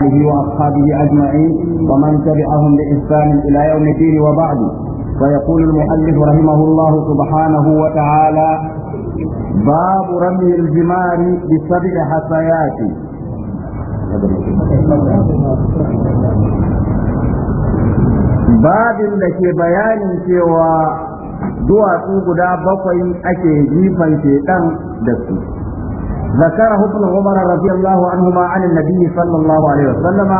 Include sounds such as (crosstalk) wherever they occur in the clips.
به وأصحابه أجمعين ومن تبعهم بإحسان إلى يوم الدين وبعد فيقول المؤلف رحمه الله سبحانه وتعالى باب رمي الجمار بسبع حصيات babin da ke bayanin cewa duwatsu guda bakwai ake jifan shedan da su ذكره ابن عمر رضي الله عنهما عن النبي صلى الله عليه وسلم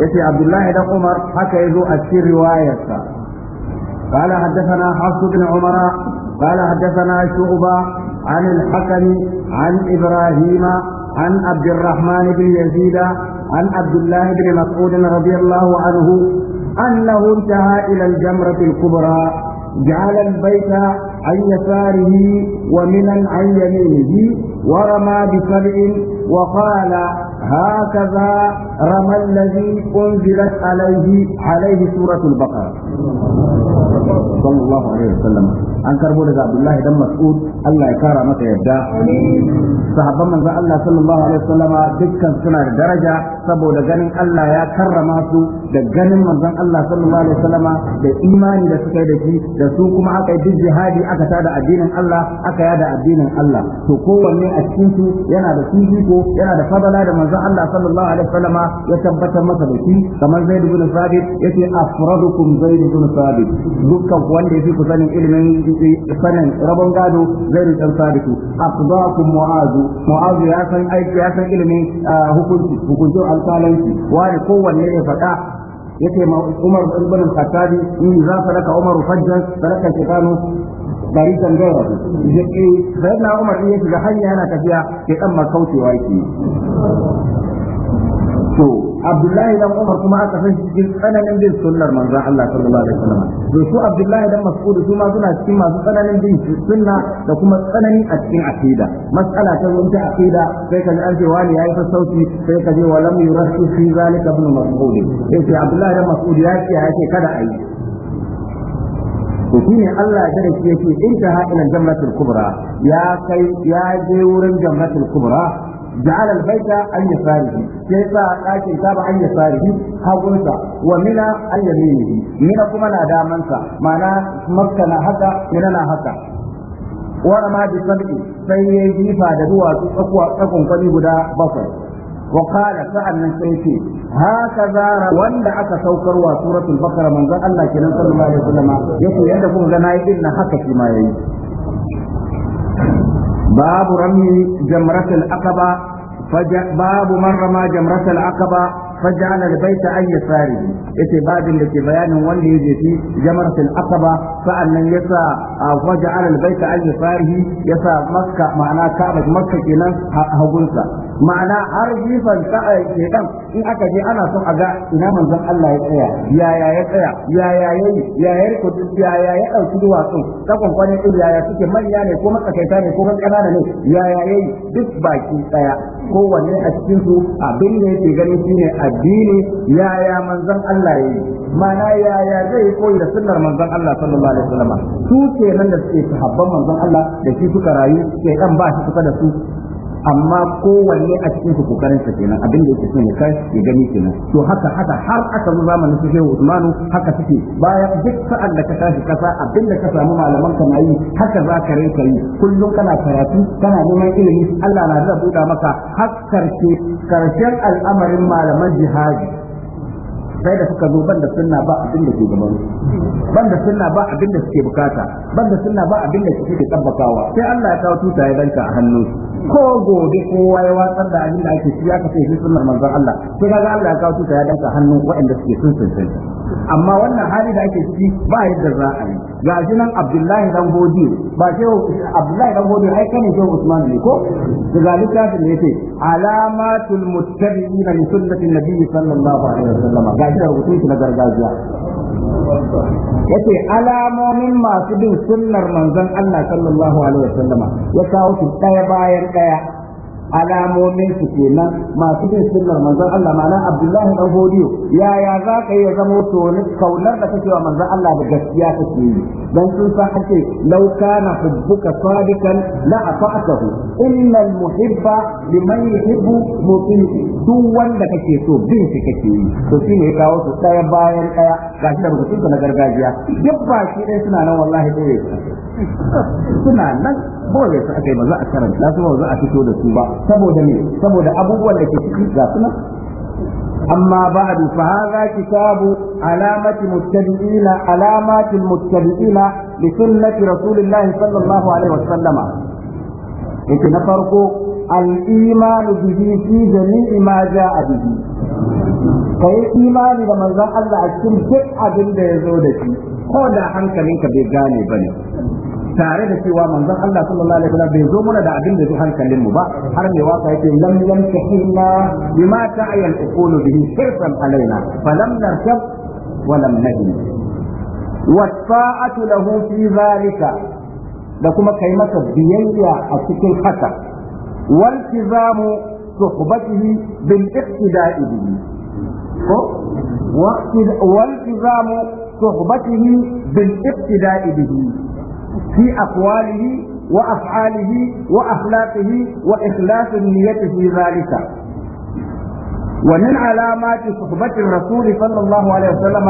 يتي عبد الله بن عمر حكى له أسير رواية قال حدثنا حفص بن عمر قال حدثنا شعبة عن الحكم عن إبراهيم عن عبد الرحمن بن يزيد عن عبد الله بن مسعود رضي الله عنه أنه انتهى إلى الجمرة الكبرى جعل البيت عن يساره ومنا عن يمينه ورمى بسبع وقال هكذا رمى الذي أنزلت عليه عليه سورة البقرة صلى الله عليه وسلم an karbo daga Abdullahi dan Mas'ud Allah ya kara maka yadda sahabban manzo Allah sallallahu alaihi wasallama dukkan suna da daraja saboda ganin Allah ya karrama su da ganin manzon Allah sallallahu alaihi wasallama da imani da suka yi da shi da su kuma aka yi duk jihadi aka tada addinin Allah aka yada addinin Allah to kowanne a cikin su yana da ko yana da fadala da manzon Allah sallallahu alaihi wasallama ya tabbatar masa da shi kamar Zaid ibn Thabit yace afradukum Zaid ibn Thabit dukkan wanda yafi ku sanin ilimin sanin rabon gado Zaid ibn Thabit afdakum Mu'azu Mu'azu ya san aiki ya san ilimin ah, hukunci hukuncin alƙalanci wani kowanne ya faɗa yake ma Umar ibn Khattab in za faraka Umar fajjan faraka bari barikan gawa yake bayan Umar yake da hanya yana tafiya ke dan makaucewa yake to Abdullahi dan Umar kuma aka san shi cikin tsananin bin sunnar manzon Allah sallallahu alaihi wasallam to su Abdullahi dan Mas'ud su ma suna cikin masu tsananin bin sunna da kuma tsanani a cikin aqida mas'ala ta zo ta aqida sai ka ji an ce wani yayi fasauci sai ka je wa lam yurasu fi zalika ibn Mas'ud sai Abdullahi dan Mas'ud ya ce ya ce kada ayi to ne Allah ya ce in yake intaha ila jannatul kubra ya kai ya je wurin jannatul kubra جعل البيت عن يساره كيف لكن تاب عن يساره حقنسا ومنى عن يمينه منى كما دامنسا معنى مكة هكا منى هكا wara ma bi sab'i sai yayi jifa da duwatsu tsakuwa tsakon guda bakwai Wakala qala sa'annan sai ce haka zara wanda aka saukar saukarwa suratul baqara manzon Allah kenan sallallahu alaihi wasallam yace yadda kuka ga nayi din haka shi ma yayi باب رمي جمرة العقبة باب من رمى جمرة العقبة فجعل البيت أن يساره يتي بعد لكي بيان ولي يجي جمرة العقبة فأن يسا وجعل البيت أن يساره يسا مكة معناه كعبة مكة كنا هقولها ma'ana har jifan shekan in aka je ana son a ga ina manzon Allah ya tsaya yaya ya tsaya yaya ya yi yaya ya yaya ɗauki duwatsun sakon kwanin ɗin yaya suke manya ne ko matsakaita ne ko ƙanana ne yaya ya yi duk baki ɗaya kowanne a cikin su abin da yake ganin shine addini yaya manzon Allah yayi mana yaya zai koyi da sunnar manzon Allah sallallahu alaihi wasallam su kenan da suke sahabban manzon Allah da shi suka rayu sai dan ba shi kusa da su amma kowanne a cikin su kokarin sa kenan abin da yake so ya kai ya gani kenan to haka haka har aka zo zamanin su shehu Usmanu haka suke bayan duk sa'an da ka tashi kasa abin da ka samu malaman ka mai haka za ka rinka yi kullum kana karatu kana neman ilimi Allah na da buɗa maka har karshe karshen al'amarin malaman jihadi sai da suka zo banda sunna ba abin da ke gaban banda sunna ba abin da suke bukata banda sunna ba abin da suke tabbakawa sai Allah ya kawo tuta ya danka a hannu ko gobe ko ya watsar da abin da ake shi ya kace shi sunnar manzon Allah sai kaga Allah ya kawo tuta ya danka hannu waɗanda suke sun sun amma wannan hali da ake ciki ba yadda za a yi ga shi nan Abdullahi dan Hodi ba ce Abdullahi dan Hodi ai kane ce Usman ne ko Da daga littafin ne ce alamatul muttabi'ina li sunnatin nabiy sallallahu alaihi wasallam ga shi rubutun shi na gargajiya yace alamomin masu bin sunnar manzon Allah sallallahu alaihi wasallam ya kawo su daya bayan daya alamomin su kenan masu bin sunnar manzon Allah ma'ana Abdullahi dan Hodiyo yaya za ka iya zamo to kaunar da kake wa manzon Allah da gaskiya kake yi dan sun san ake law kana hubbuka sadikan la ata'tahu innal muhibba liman yuhibbu mutin duk wanda kake so bin shi kake yi to shi ne kawo su daya bayan daya gashi da rubutun na gargajiya duk ba shi dai suna nan wallahi dai suna nan kawai su aka yi ba za a karanta su ba za a fito da su ba saboda ne saboda abubuwan da ke ciki ga suna أما بعد فهذا كتاب علامة متبعين علامات المتبعين لسنة رسول الله صلى الله عليه وسلم لكن فرق الإيمان به في جميع ما جاء به كي إيمان الله أكتم zo أبن shi. ko da hankalinka bai gane ba ne tare da cewa manzon Allah sallallahu alaihi wasallam bai zo mana da abin da zo hankalin mu ba har mai waka yake lam lam tahilla bima ta'ya al-uqul bihi shirkan alaina falam narkab wa lam najid wa ta'atu lahu fi zalika da kuma kai masa biyayya a cikin haka wal tizamu suhbatihi bil iqtida'i bihi ko wal tizamu صحبته بالاقتداء به في أقواله وأفعاله وأخلاقه وإخلاص النية في ذلك ومن علامات صحبة الرسول صلى الله عليه وسلم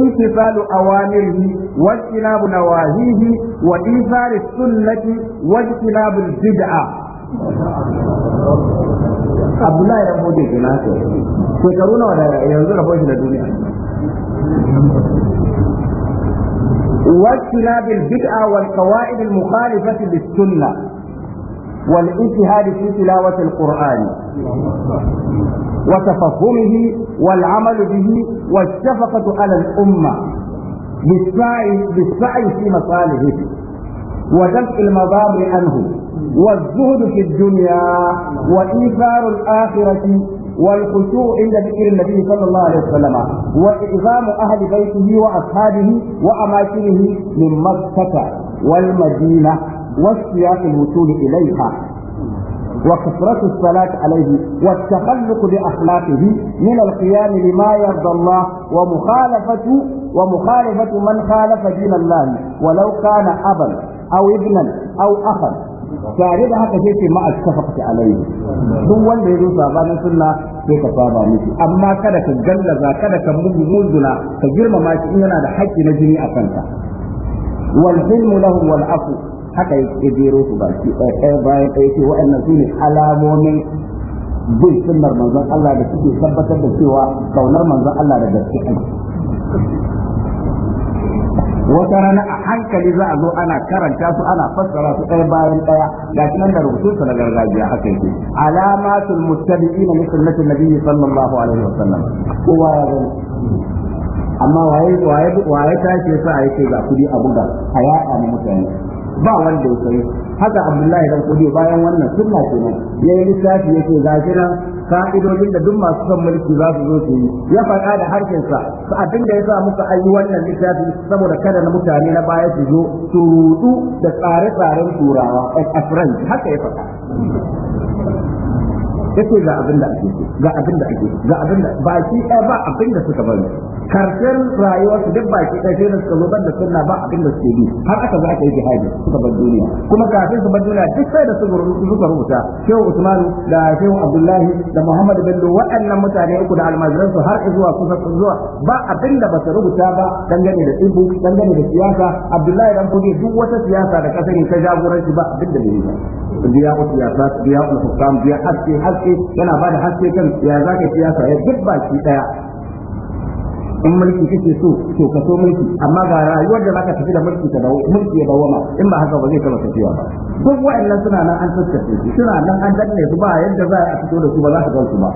امتثال أوامره واجتناب نواهيه وإيثار السنة واجتناب البدعة Abdullahi ya bude gina shekaru nawa da yanzu rabon shi da duniya واجتناب البدعة والقواعد المخالفة للسنة والاجتهاد في تلاوة القرآن وتفهمه والعمل به والشفقة على الأمة بالسعي, بالسعي في مصالحه ودفع المضار عنه والزهد في الدنيا وإيثار الآخرة والخشوع عند ذكر النبي صلى الله عليه وسلم وإعظام أهل بيته وأصحابه وأماكنه من مكة والمدينة واشتياق الوصول إليها وكثرة الصلاة عليه والتخلق بأخلاقه من القيام لما يرضى الله ومخالفة ومخالفة من خالف دين الله ولو كان أبا أو ابنا أو أخا tare da haka sai ce ma a tafakta alaihi duk wanda ya zo sabanin sunna sai ka saba miki amma kada ka gallaza kada ka mugu muzuna ka girmama shi in yana da haƙƙi na jini a kanka wal hilmu lahum wal afu haka ya jero su baki ɗaya bayan ɗaya ce waɗannan su alamomin bin sunnar manzon Allah da suke tabbatar da cewa kaunar manzon Allah da gaske wata rana a hankali za a zo ana karanta su ana fassara su ɗaya bayan ɗaya ga shi nan da rubutun sa na gargajiya haka yake alamatul muttabi'ina min sunnati nabiyyi sallallahu alaihi wasallam kowa ya amma waye waye waye ce sa a yake ga kudi a buga a yaɗa mu mutane ba wanda ya sayi haka abdullahi dan kudi bayan wannan sunna kenan yayi lissafi yake ga shi nan ka'idodin da duk masu son mulki za su zo su yi ya faɗa da harshensa sa abin da ya sa muka ayi wannan littafi saboda kada na mutane na baya su zo su rudu da tsare-tsaren turawa a haka ya faɗa kace ga abin da ake ga abin da ake ga abin da baki ɗaya ba abin da suka bari karshen rayuwa su duk baki ɗaya sai da suka zo ban da sunna ba abin da suke bi har aka za ka yi jihadi suka bar duniya kuma kafin su bar duniya duk sai da su suka rubuta shehu usman da shehu abdullahi da muhammad bello waɗannan mutane uku da almajiran su har zuwa kusa zuwa ba abin da ba su rubuta ba dangane da tsibu dangane da siyasa abdullahi dan kudi duk wata siyasa da kasance ta jagoranci ba abin da bai yi ba biya siyasa biya al-hukam biya haske haske yana ba da haske kan ya za ka siyasa ya duk shi daya in mulki kake so to ka so mulki amma ga rayuwar da zaka tafi da mulki ta dawo mulki ya dawoma in ba haka ba zai taba tafiya ba duk wa'annan suna nan an tsaftace su suna nan an danne su ba yadda za a fito da su ba za ka gansu ba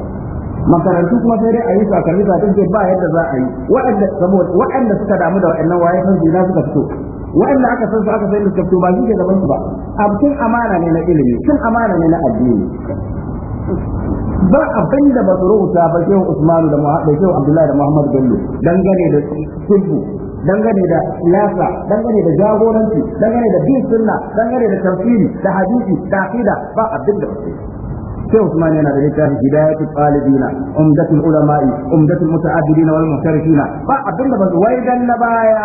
makarantu kuma sai dai a yi sakarni ba duk ba yadda za a yi waɗanda saboda waɗanda suka damu da waɗannan waye san jina suka fito waɗanda aka san su aka san su fito ba shi ke gaban su ba abin amana ne na ilimi cin amana ne na addini ba abin da ba su rubuta ba ke Usmanu da Muhammad Abdullahi da Muhammadu Bello dangane da sulhu dangane da siyasa dangane da jagoranci dangane da bin sunna dangane da tafsiri da hadisi da aqida ba abin da ba su Sai Usman yana da littafin Hidayatul Talibina, Umdatul Ulama'i, Umdatul Muta'addidina wal na ba abin da ba su wai dan na baya.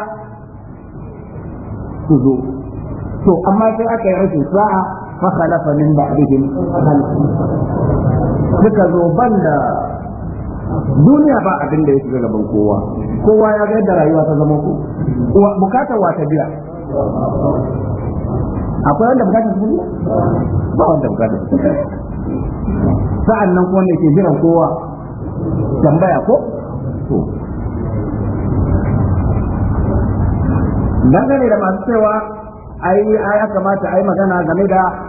Su zo. To amma sai aka yi rashin sa'a fa khalafa min ba'dihim suka zo ban da duniya ba abin da ya shiga gaban kowa kowa ya ga yadda rayuwa ta zama ku wa ta biya akwai wanda bukatar su ba wanda bukatar su sa'an nan kuma ne ke jiran kowa tambaya ko dangane da masu cewa ai ya kamata ai magana game da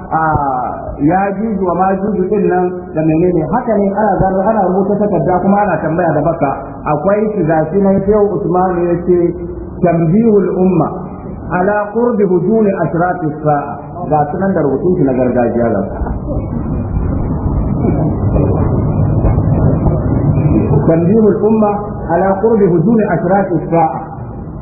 ya juju wa ma juju din nan da menene haka ne ana zaro ana rubuta takarda kuma ana tambaya da baka akwai shi na yau Usman ya ce tambihul umma ala qurbi hujuni ashrati sa'a ga sunan da rubutun shi na gargajiya da tambihul umma ala qurbi hujuni ashrati sa'a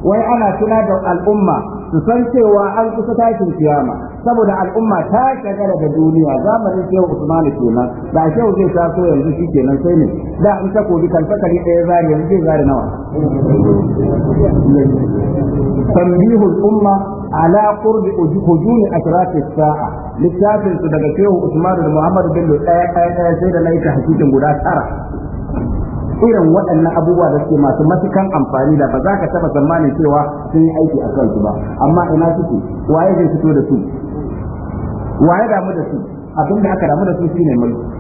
wai ana suna da al'umma su san cewa an kusa tashin kiyama saboda al'umma ta shagara da duniya zamanin shehu usman kenan da shehu zai taso yanzu shi kenan sai ne da in ta kobi kalfakari ɗaya zari yanzu zai zari nawa tambihul al'umma ala qurbi hujumi asrat saa littafin su daga shehu usman da muhammad bin ɗaya ɗaya sai da nayi ta hakikin guda tara irin waɗannan abubuwa da suke masu matukan amfani da ba za ka taɓa tsammanin cewa sun yi aiki a kansu ba amma ina suke waye zai fito da su waye damu da su abin da aka damu da su shine mulki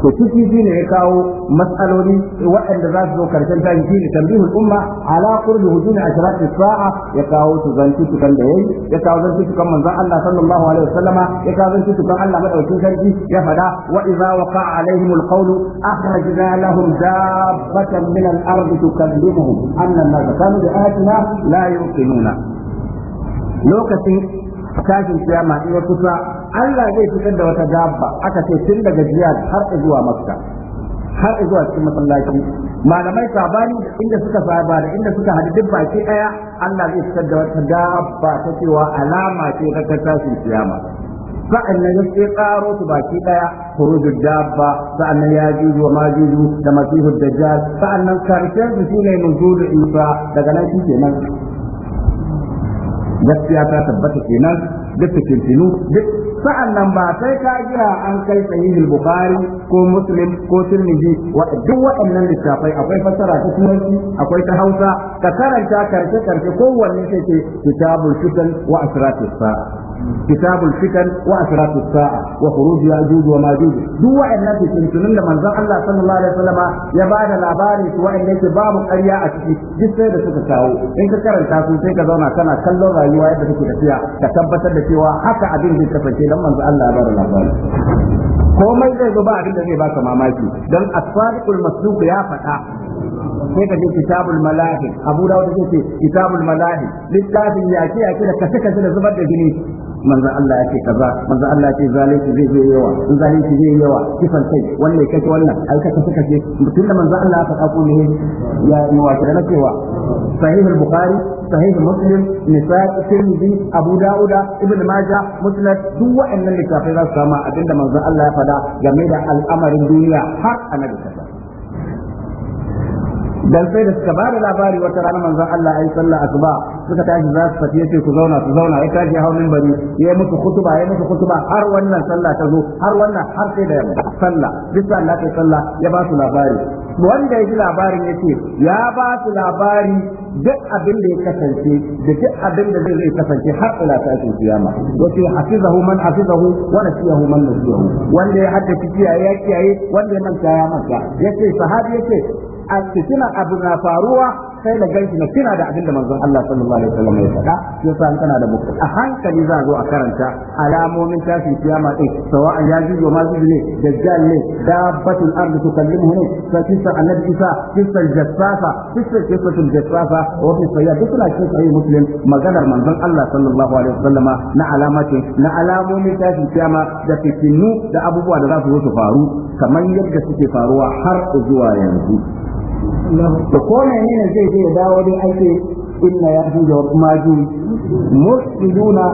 to ciki shi ne ya kawo matsaloli waɗanda za su zo karshen tashi shi ne tambihul umma ala qurbi hudun ashrati sa'a ya kawo su zanci su da yayi ya kawo zanci su kan manzon Allah sallallahu alaihi wasallama ya kawo zanci su kan Allah madaukin sarki ya fada wa idza waqa'a alaihim alqawlu akhrajna lahum dabbatan min al-ardi tukallimuhum anna an-nasa kanu bi ayatina la yuqinuna lokacin tashin kiyama in ya kusa Allah zai fitar da wata dabba aka ce tun daga jiya har zuwa makka har zuwa cikin masallaci malamai sabani inda suka saba da inda suka hadu duk baki daya Allah zai fitar da wata dabba ta cewa alama ce ta tashin kiyama sa'annan ya sai karo su baki daya kurujud dabba sa'annan ya juju wa majuju da masihud dajjal sa'annan karshen su shine nuzudu isa daga nan shi kenan gaskiya ta tabbata kenan duk fitintinu duk sa'an nan ba sai ka jira an kai sahihul bukhari ko muslim ko tirmidhi duk waɗannan littafai akwai fasara ta turanci akwai ta hausa ka karanta karshe karshe kowanne sai ke kitabul shudan wa asratis sa'a كتاب الفتن وأسرار الساعة وخروج يأجوج وماجوج دو وإن نفي تنسلن لمن زال الله صلى الله عليه وسلم يبعد الأباري وإن ليس باب الأرياء أشكي جس سيدة سكتاو إنك كرن تاسو سيكا دونا كان كلو رأيوا يبدو كتفيا تكبت بسيوا حتى عدين دي كفتي لمن زال الله يبعد الأباري komai zai zo ba abin da zai baka mamaki don asfadikul masduq ya faɗa sai ka je kitabul malahi abu dawud zai ce kitabul malahi littafin yaki yaki da kashe kashe da zubar da jini manzo Allah ya ce kaza manzo Allah ya ce zalunci zai yi yawa in zalunci zai yawa kifan kai wanne kake wannan ai ka kace kace mutum da manzo Allah ya faɗa ko ne ya yi wa kira cewa sahih al-bukhari sahih muslim nisa'i tirmidhi abu daud ibn majah musnad duk wa'annan littafai za su sama abinda manzo Allah ya faɗa game da al'amarin duniya har annabi sallallahu dan sai da suka bada labari wata rana manzon Allah ayi sallah asuba suka tashi za su fati yace ku zauna ku zauna ya tashi hawo minbari ya musu khutba ya musu khutba har wannan sallah ta zo har wannan har sai da sallah bisa Allah ta sallah ya ba su labari wanda ya ji labarin ce ya ba su labari duk abin da ya kasance da duk abin da zai kasance har ila ta ake kiyama ya hafizahu man hafizahu wa nasiyahu man nasiyahu wanda ya haddace kiyaye ya kiyaye wanda ya manta ya manta yace sahabi yace a fitina abu na faruwa sai na ganshi na kina da abin da manzon Allah sallallahu alaihi wasallam ya faɗa yasa kana da bukata a hankali za a zo a karanta alamomin tashin kiyama din eh, sawa'an ya ji wa mazu ne dajjal ne dabbatul ard tukallimu ne fa kisa annabi isa kisa jassafa kisa kisa jassafa wa fi sayyid duk cikin sahih muslim maganar manzon Allah sallallahu alaihi wasallam na na alamomin tashin kiyama da fitinu da abubuwa da za su zo su faru kamar yadda suke faruwa har zuwa yanzu da ko menene zai je ya dawo dai ake inna ya fi jawab maju mufsiduna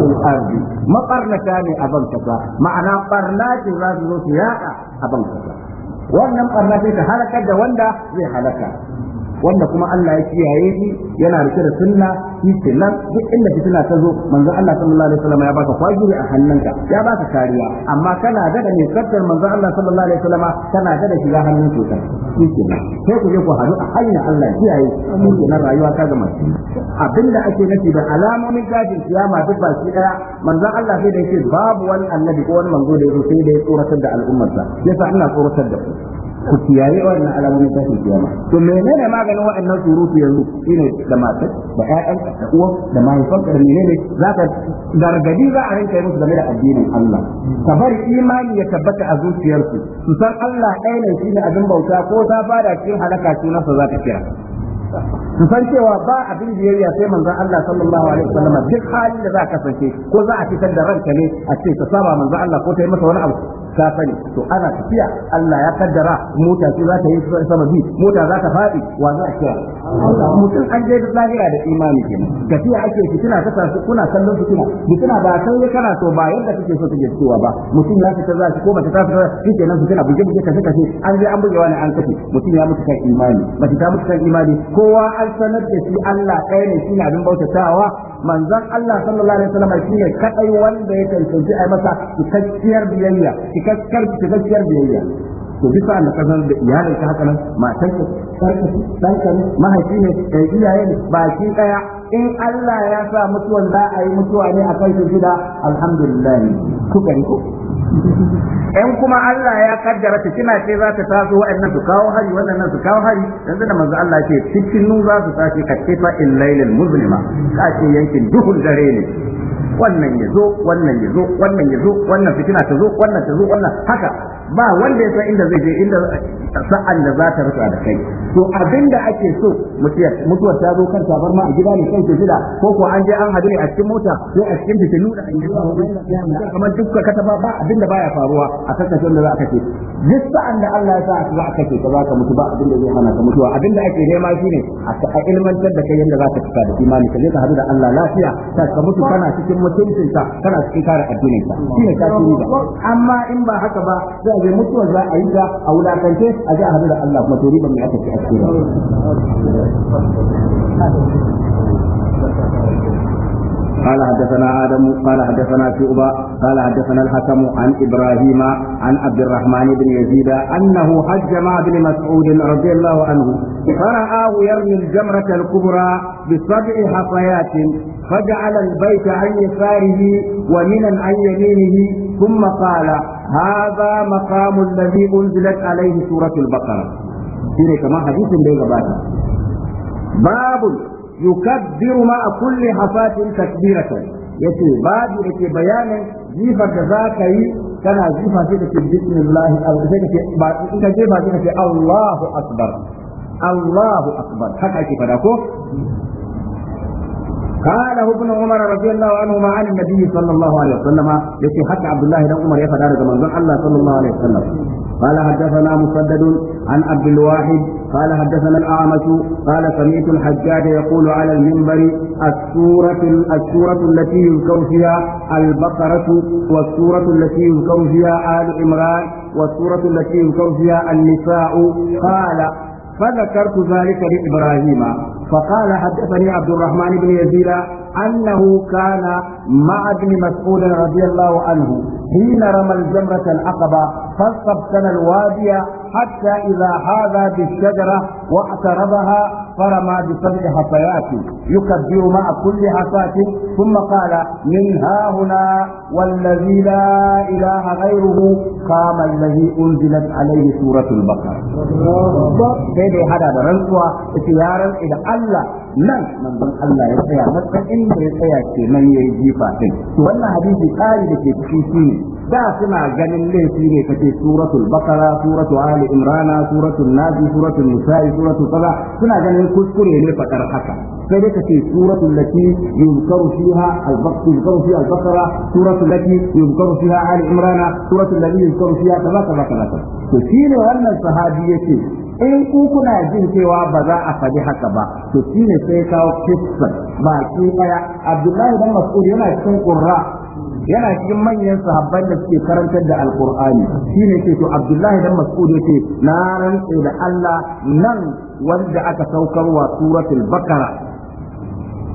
al-ardi maƙarnata ne a ban kasa ma'ana barna za su zo su a wannan barna ta halakar da wanda zai halaka wanda kuma Allah ya kiyaye shi yana rike da sunna shi ke nan duk inda fitina ta zo manzon Allah sallallahu alaihi wasallam ya baka kwajiri a hannunka ya baka kariya amma kana daga ne kaddar manzon Allah sallallahu alaihi wasallam kana daga shiga hannun cuta shi ke nan sai ku je ku haɗu a hanyar Allah kiyaye shi ke nan rayuwa ta gama abinda ake nufi da alamomin gajin kiyama duk ba shi daya manzon Allah sai da yake babu wani annabi ko wani manzo da ya sai da ya tsoratar da al'ummarsa yasa ina tsoratar da ku ku kiyaye wannan alamomin tashin kiyama to menene maganin waɗannan surutu yanzu shine da matar da ƴaƴan da uwa da mahaifan da menene zaka gargadi za a rinka yi musu game da addinin Allah ka bari imani ya tabbata a zuciyarsu su san Allah ɗaya ne shine abin bauta ko ta fada cikin halaka sunansa za ta kira su san cewa ba abin da yariya sai manzon Allah sallallahu alaihi wasallam duk halin da za ka kasance ko za a fitar da ranka ne a ce ka saba manzon Allah ko ta yi masa wani abu ka sani to ana tafiya Allah ya kaddara mota ce za ta yi sama bi mota za ta faɗi wa za a kira mutum an je da lahira da imani ke tafiya ake fitina ta tasu kuna kallon fitina Mutum ba san ya kana so ba yadda kake so kake cewa ba mutum ya fita za shi ko ba ta fita shi kenan fitina buje buje kashe kashe an je an buge wani an kashe mutum ya mutu kan imani ba ta mutu kan imani kowa an sanar da shi Allah ɗaya ne shi na abin bautatawa manzon Allah sallallahu alaihi wasallam shi ne kadai wanda ya tantance ai masa cikakkiyar biyayya cikakkar cikakkiyar biyayya to bisa na kasar da iyalin ka haka nan matar ka sarka danka mahaifi ne kai iyaye ne baki daya in Allah ya sa mutuwan za a yi mutuwa ne a kai shida alhamdulillah kuka ko in kuma Allah ya kaddara ta kina ce za ta taso waɗannan su kawo hari waɗannan su kawo hari yanzu da manzo Allah ce cikin nu za su tashi katifa in lailil muzlima ka ce yankin duhun dare ne wannan ya zo wannan ya zo wannan ya zo wannan fitina ta zo wannan ta zo wannan haka ba wanda ya san inda zai je inda sa'an da za ta rutsa da kai to abinda ake so mutuwar ta zo kan tabar ma a gida ne kan shida ko ko an je an hadu ne a cikin mota ko a cikin fitilu da an kamar dukkan kataba ba abinda baya faruwa a kasashen da za a kace duk sa'an da Allah ya sa a za a kace ka za ka mutu ba abinda zai hana ka mutuwa abinda ake nema shine a ilmantar da kai yadda za ka fita da imani ka je ka hadu da Allah lafiya ka mutu kana cikin mutuncinsa kana cikin kare addininka shine ka amma in ba haka ba je mutuwa za a yi ta a wulakance a ji a hadu da Allah kuma to riba mai aka ci a cikin قال حدثنا آدم قال حدثنا شعبة قال حدثنا الحكم عن إبراهيم عن عبد الرحمن بن يزيد أنه حج مع ابن مسعود رضي الله عنه فرآه يرمي الجمرة الكبرى بسبع حصيات فجعل البيت عن يساره ومن عن يمينه ثم قال هذا مقام الذي أنزلت عليه سورة البقرة هنا كما حديث بين باب باب يكبر مع كل حفاة تكبيرة يتي باب يتي بيان زيفة اي كان زيفة ذاك بسم الله أو الله أكبر الله أكبر حقا كيف قاله ابن عمر رضي الله عنهما عن النبي صلى الله عليه وسلم يكي حتى عبد الله بن عمر يفعل هذا من الله صلى الله عليه وسلم قال حدثنا مسدد عن عبد الواحد قال حدثنا الأعمش قال سمعت الحجاج يقول على المنبر السورة السورة التي يذكر فيها البقرة والسورة التي يذكر فيها آل عمران والسورة التي يذكر فيها النساء قال فذكرت ذلك لإبراهيم فقال حدثني عبد الرحمن بن يزيد أنه كان مع ابن مسعود رضي الله عنه حين رمى الجمرة العقبة فاستبسل الوادي حتى إذا حاذى بالشجرة واعترضها فرمى بسبع حصيات يكبر مع كل حصاة ثم قال من ها هنا والذي لا إله غيره قام الذي أنزلت عليه سورة البقرة سيدي هذا رنسوة اتيارا إلى الله nan manzon Allah ya tsaya matsayin da ya tsaya kenan ya yi jifa din to wannan hadisi tsari da ke cikin shi ne da suna ganin laifi ne kace suratul baqara suratu ali imrana suratul nabi suratul nisa'i suratul kaza suna ganin kuskure ne fadar haka sai dai kace suratul lati yuzkaru fiha al-baqara yuzkaru fiha al-baqara suratul lati yuzkaru fiha ali imrana suratul lati yuzkaru fiha kaza kaza kaza to shine wannan sahabi yake in ku kuna jin cewa ba za a faɗi haka ba to shine sai kawo kissa baki daya abdullahi dan mas'ud yana cikin qurra yana cikin manyan sahabban da suke karantar da shi shine ke to abdullahi dan mas'ud yake na rantse da Allah nan wanda aka saukarwa suratul bakara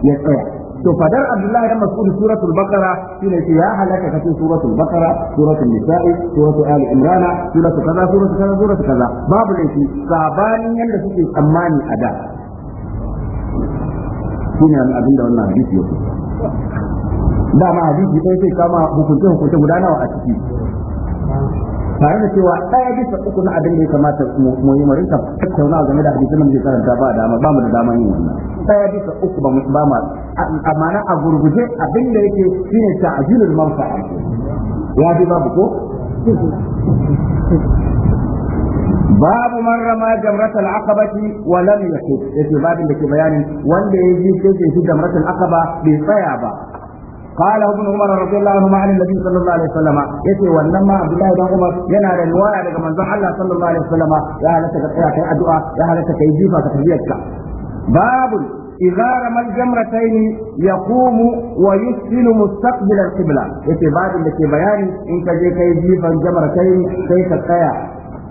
ya tsaya to fadar abdullahi da mas'ud suratul shi shine ce ya halaka kace suratul bakara suratul nisa'i suratul ali suratul kaza suratul kaza suratul kaza babu laifi sabani yanda suke tsammani a da shine abin da wannan hadisi yake dama hadisi ɗaya zai kama hukunce hukunce guda nawa a ciki tare da cewa ɗaya bisa uku na abin da ya kamata mu yi ta tattauna game da nan da muke karanta ba dama ba mu da dama yin wannan ɗaya bisa uku ba mu ba ma amana a gurguje abin da yake shine ta'jilul manfa'a ya bi babu ko babu من رمى جمرة العقبة ولم lam yahib باب لك da ke bayanin wanda ya ji sai ya bai tsaya ba قال ابن عمر رضي الله عنهما عن النبي صلى الله عليه وسلم يتي ولما عبد الله بن عمر yana da riwaya daga manzon Allah sallallahu alaihi wasallam ya halatta ka tsaya kai addu'a ya halatta kai jifa ka tafiyarka babu idza rama al-jamratayn yaqumu wa yusilu mustaqbil al-qibla yace babin da ke bayani in ka je kai jifan jamratayn sai ka tsaya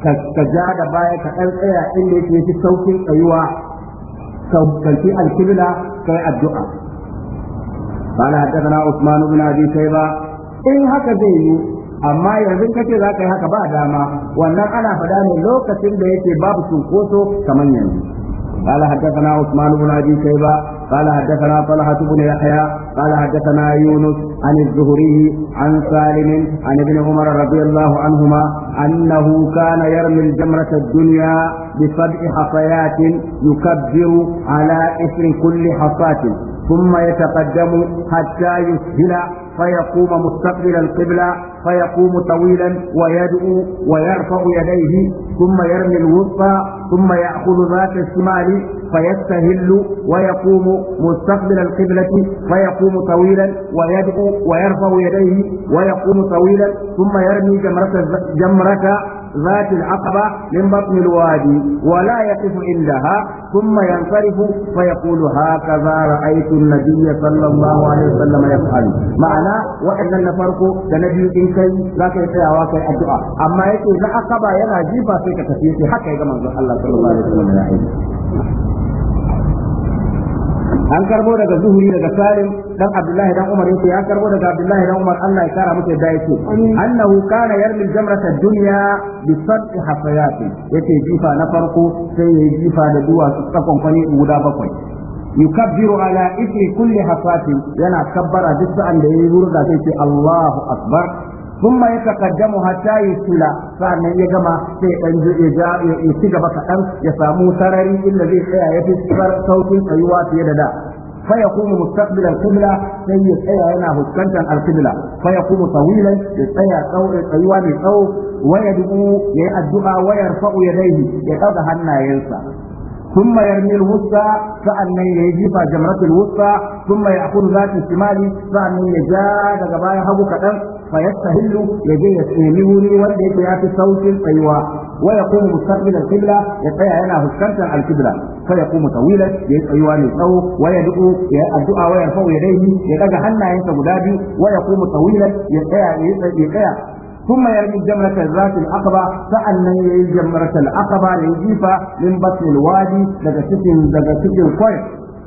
ka ja da baya ka tsaya inda yake fi saukin tsayuwa ka kalli al addu'a Ƙa'ala haddasana Usman u Bin Hadizaiba, in haka zai yi amma yarabinta ce za kai haka ba dama, wannan ala fada ne lokacin da yake babu cunkoso kaman yanzu. Ƙa'ala haddasana Usman u Bin Hadizaiba, ƙa'ala haddasana Falaḥa sugu na Yahaya, ƙa'ala haddasana Yunus, Anis Zuhurihi, An-Salimin, Anibin Umar da Rabi'u Annahu, Kana, Yarmil, Jamrata, Dunya, Nufar ƙi, Hafayatin, Lukab-Ziru, Ala, Ifrinkulli, Hafatin. ثم يتقدم حتى يسهل فيقوم مستقبل القبلة فيقوم طويلا ويدعو ويرفع يديه ثم يرمي الوسطى ثم يأخذ ذات الشمال فيستهل ويقوم مستقبل القبلة فيقوم طويلا ويدعو ويرفع يديه ويقوم طويلا ثم يرمي جمرة جمرة ذات العقبة من بطن الوادي ولا يقف عندها ثم ينصرف فيقول هكذا رأيت النبي صلى الله عليه وسلم يفعل معنى وإن النفرق تنبي إن كي ذاك يتعوى كي الدعاء أما يكي ذا عقبة ينا جيبا فيك تفيسي حكا يجمع الله صلى الله عليه وسلم يحيي an karbo daga zuhuri daga salim dan abdullahi dan umar yace ya karbo daga abdullahi dan umar Allah ya kara masa da yace annahu kana yarmi jamrata dunya bi sad'i hafayati yake jifa na farko sai ya jifa da duwa su tsakon kwani guda bakwai yukabbiru ala ithri kulli hafatin yana kabbara duk sa'an da yayi burda sai ce Allahu akbar ثم يتقدم حتى يسلا sannan ya gama sai dan ya ya ci gaba kaɗan ya samu sarari inda zai tsaya ya fi saukin tsayuwa fiye da da fa yaqumu mustaqbil al-qibla sai ya tsaya yana fuskantar al-qibla ya tsaya tsayuwa mai tsawo waya addu'a wayar fa'u yadayhi ya ɗaga hannayensa ثم يرمي الوسطى فأن يجيب جمرة الوسطى ثم يأخذ ذات الشمال فأن يجاد غبايا هبو kaɗan. fa yastahillu yaje ya nemi wuri wanda yake ya fi saukin tsayuwa wa yaqumu mustaqbil ya tsaya yana fuskantar al-qibla ya tsayuwa mai tsawo wa ya addu'a wa yarfa'u ya daga hannayensa guda biyu ya tsaya ثم يرمي جمرة ذات العقبة فأن يرمي جمرة يجيفها من بطن الوادي لقسك لقسك القرع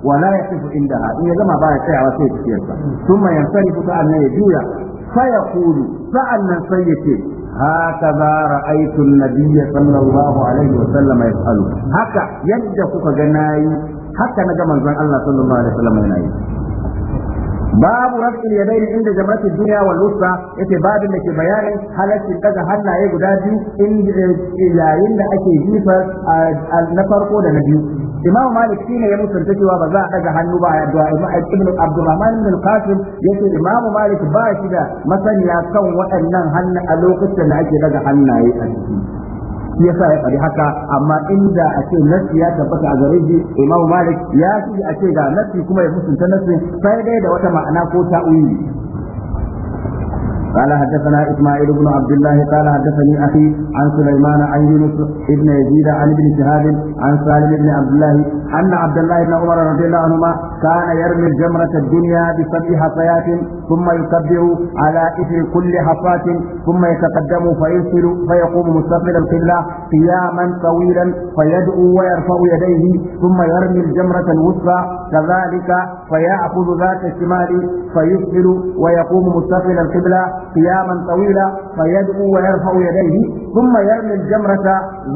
ولا يقف عندها إن جمع باية ساعة وسيد ثم ينصرف فأن فيقول سألنا سيتي هكذا رأيت النبي صلى الله عليه وسلم يسأل هكا يجدك جناي هكا نجم الله صلى الله عليه وسلم يناي باب رفع اليدين عند جمرة الدنيا والوسطى يتي باب لك ke هل halaccin هل hannaye guda biyu إن yayin da ake jifa na farko da na imamu malik shi ne ya mutunta cewa ba za a daga hannu ba ya du'a ibnu abdurrahman ibn al-qasim yace imamu malik ba shi da masaniya kan waɗannan hannu a lokacin da ake daga hannaye a ciki yasa ya faɗi haka amma inda a ce nasi ya tabbata a gare shi imam malik ya shi a ce ga nasi kuma ya mutunta nasi sai dai da wata ma'ana ko ta'uyi قال حدثنا إسماعيل بن عبد الله قال حدثني أخي عن سليمان عن يونس بن يزيد عن ابن شهاب عن سالم بن عبد الله أن عبد الله بن عمر رضي الله عنهما كان يرمي الجمرة الدنيا بسبع حصيات ثم يكبر على إثر كل حصاة ثم يتقدم فيصل فيقوم مستقبل القبلة قياما طويلا فيدعو ويرفع يديه ثم يرمي الجمرة الوسطى كذلك فيأخذ ذات الشمال فيسفل ويقوم مستقبل القبلة قياما طويلا فيدعو ويرفع يديه ثم يرمي الجمرة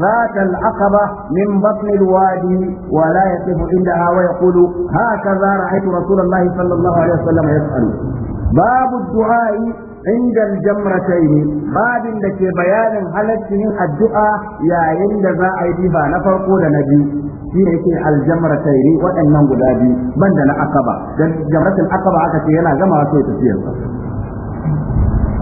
ذات العقبة من بطن الوادي ولا يقف عندها ويقول هكذا هكذا رأيت رسول الله صلى الله عليه وسلم يسأل باب الدعاء عند الجمرتين باب لك بيان هلتين الدعاء يا عند ذا أيديها نفرقو نبي shi ne yake aljamratai ne waɗannan guda biyu banda na akaba dan jamratul akaba aka ce yana gama sai tafiyarsa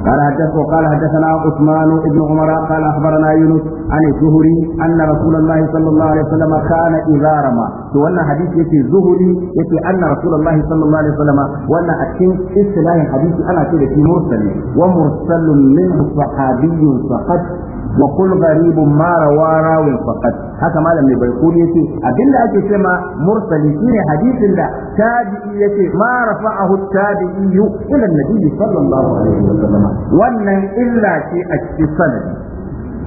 قال حدثه قال حدثنا عثمان بن عمر قال اخبرنا يونس عن الزهري ان رسول الله صلى الله عليه وسلم كان اذا رمى to wannan hadisi yace zuhuri yace anna rasulullahi sallallahu alaihi wasallam wannan a cikin istilahin hadisi ana ce da shi mursal wa mursalun min wa kul gharibun ma rawa faqat haka malam mai baikuni yace abinda ake cewa mursali shine hadisin da tabi'i yace ma rafa'ahu tabi'i ila annabi sallallahu alaihi wasallam wannan illa ce a cikin sanadi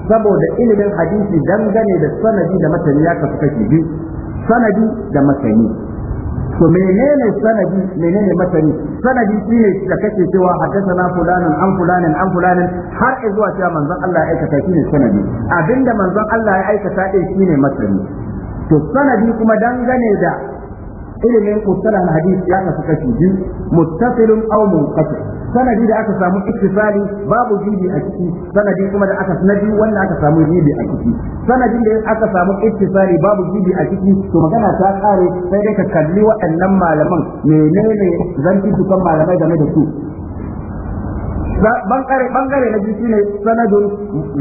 saboda ilimin hadisi dangane da sanadi da matani ya kasu kake biyu sanadi da matani to menene sanadi menene matani sanadi shine da kake cewa haddathana fulanan an fulanan an fulanan har zuwa cewa manzon Allah ya aikata shine sanadi abinda manzon Allah ya aikata din shine matani to sanadi kuma dangane da ilimin mustalah hadisi ya kasu kashi biyu muttasilun aw munqati sanadi da aka samu ittisali babu jibi a ciki sanadi kuma da aka sanadi wanda aka samu jibi a ciki sanadin da aka samu ittisali babu jibi a ciki to magana ta kare sai dai ka kalli waɗannan malaman menene zanti kan malamai game da su bangare bangare na biyu shine sanadun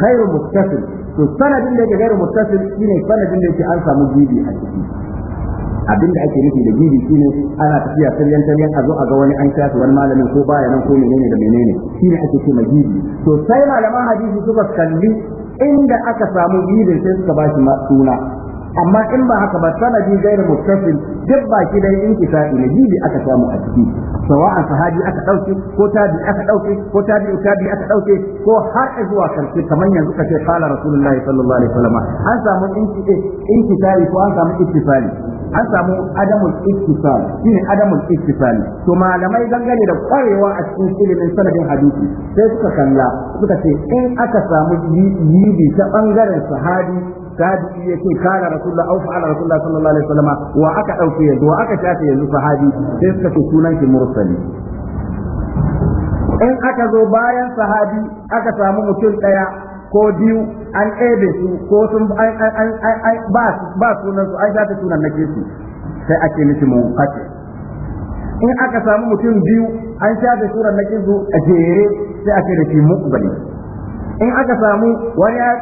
ghairu muttasil to sanadin da yake ghairu muttasil shine sanadin da yake an samu jibi a ciki abin da ake nufi da gidi shine ana tafiya saryan ta ne a zo a ga wani an shafi wani malamin ko baya nan ko menene da menene shine ake ce ma gidi to sai malaman hadisi suka kalli inda aka samu gidin sai suka ba shi suna amma in ba haka ba sanadi gairu muttasil duk baki dai in kitabi ne jibi aka samu a ciki sawa'an sahabi aka dauke ko tabi aka dauke ko tabi tabi aka dauke ko har zuwa karshe kamar yanzu kace qala rasulullahi sallallahu alaihi wasallam an samu in kitabi eh, ko an samu ittifali an samu adamul ittisal shine adamul ittisal to malamai dangane da kwarewa a cikin ilimin sanadin hadisi sai suka kalla suka ce in aka samu yibi ta bangaren sahabi sahabi ya ce kana rasulullah au fa'ala rasulullah sallallahu alaihi wasallam wa aka dauke yanzu wa aka shafe yanzu sahabi sai suka ce sunan shi mursali in aka zo bayan sahabi aka samu mutum daya ko biyu an ɗebe su ko sun ba sunan su an shafe sunan na kirki sai ake nufi mu kace in aka samu mutum biyu an shafe sunan na kirki a jere sai ake da shi mu'bali in aka samu wani ya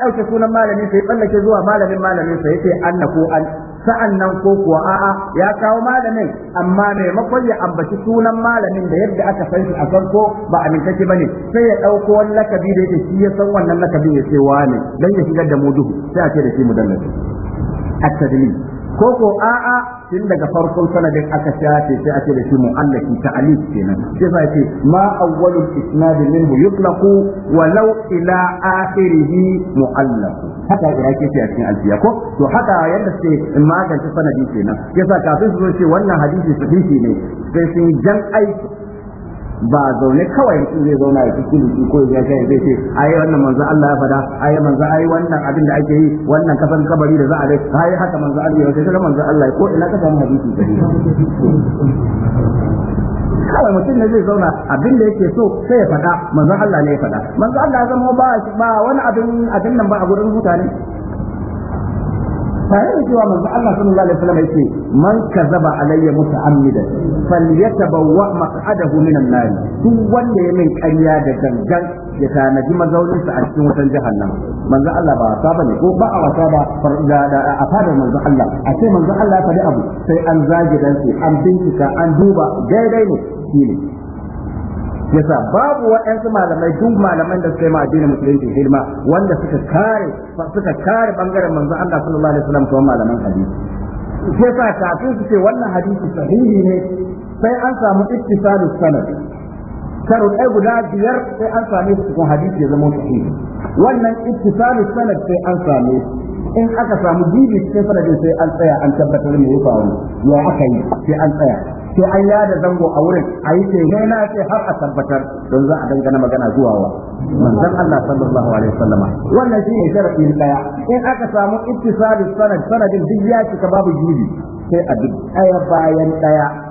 ɗauke sunan malamin sai tsallake zuwa malamin malamin sai yace anna ko an sa'an nan ko kuwa a'a ya kawo malamin amma maimakon ya ambaci sunan malamin da yadda aka san shi a farko ba amintacce bane sai ya ɗauko wani lakabi da yake shi ya san wannan lakabin ya ce wane dan ya shigar da mu duhu sai a ce da shi mudallasi at ko ko a'a tun daga farkon sanadin aka shafe sai ake da shi mu'allaki ta'alif kenan sai sai ce ma awwalul isnad minhu yutlaqu walau ila akhirih mu'allaq haka ke ce a cikin alfiya ko to haka yadda ce in magance sanadi kenan yasa kafin su zo ce wannan hadisi sahihi ne sai sun jan aiki ba zaune kawai mutum zai zauna ya cikin biki ko ya kai zai ce ai wannan manzo Allah ya fada ai manzo ai wannan abin da ake yi wannan kasar kabari da za a dai ai haka manzo Allah ya sai manzo Allah ko ina ka samu hadisi kawai mutum ne zai zauna abin da yake so sai ya fada manzo Allah ne ya fada manzo Allah ya zama ba ba wani abin abin nan ba a gurin mutane tare da cewa manzo Allah sallallahu alaihi wasallam yace man kazaba alayya muta'ammidan falyatabawwa maq'adahu minan nar duk wanda ya min ƙanya da gangan ya tanaji mazaunin sa a cikin wutan jahannama manzo Allah ba wasa bane ko ba a wasa ba a fadar manzo Allah a ce manzo Allah ya faɗi abu sai an zage dan an bincika an duba daidai ne shine yasa babu waɗansu malamai duk malaman da suka yi addinin musulunci hidima wanda suka kare suka kare bangaren manzo Allah sallallahu alaihi wasallam kamar malaman hadisi yasa kafin su ce wannan hadisi sahihi ne sai an samu ittisalus sanad sharuɗai guda biyar sai an same su cikin hadisi ya zama sahihi wannan ittisal sanad sai an same in aka samu bibi cikin sanadin sai an tsaya an tabbatar me ya faru ya aka yi sai an tsaya sai an yada zango a wurin a yi ce na sai har a tabbatar don za a dangana magana zuwa wa manzon Allah sallallahu alaihi wasallama wannan shine sharadi na daya in aka samu ittisali sanad sanadin duk ya cika babu jibi sai a duk daya bayan daya